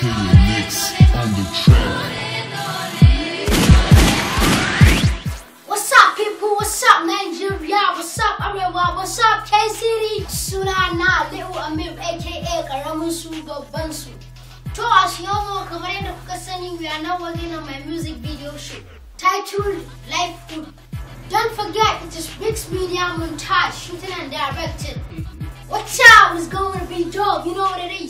Killer Mix on the track. What's up, people? What's up, Nigeria? What's up, Arewa? What's up, K-City? Sunana, Little Amir, aka Karamusu Su Babban Su. you a siyomo kamar yadda kuka sani we are now working on my music video shoot titled Life Food. Don't forget it is mixed media montage shooting and directed. Watch out, it's going to be dope, you know what it is.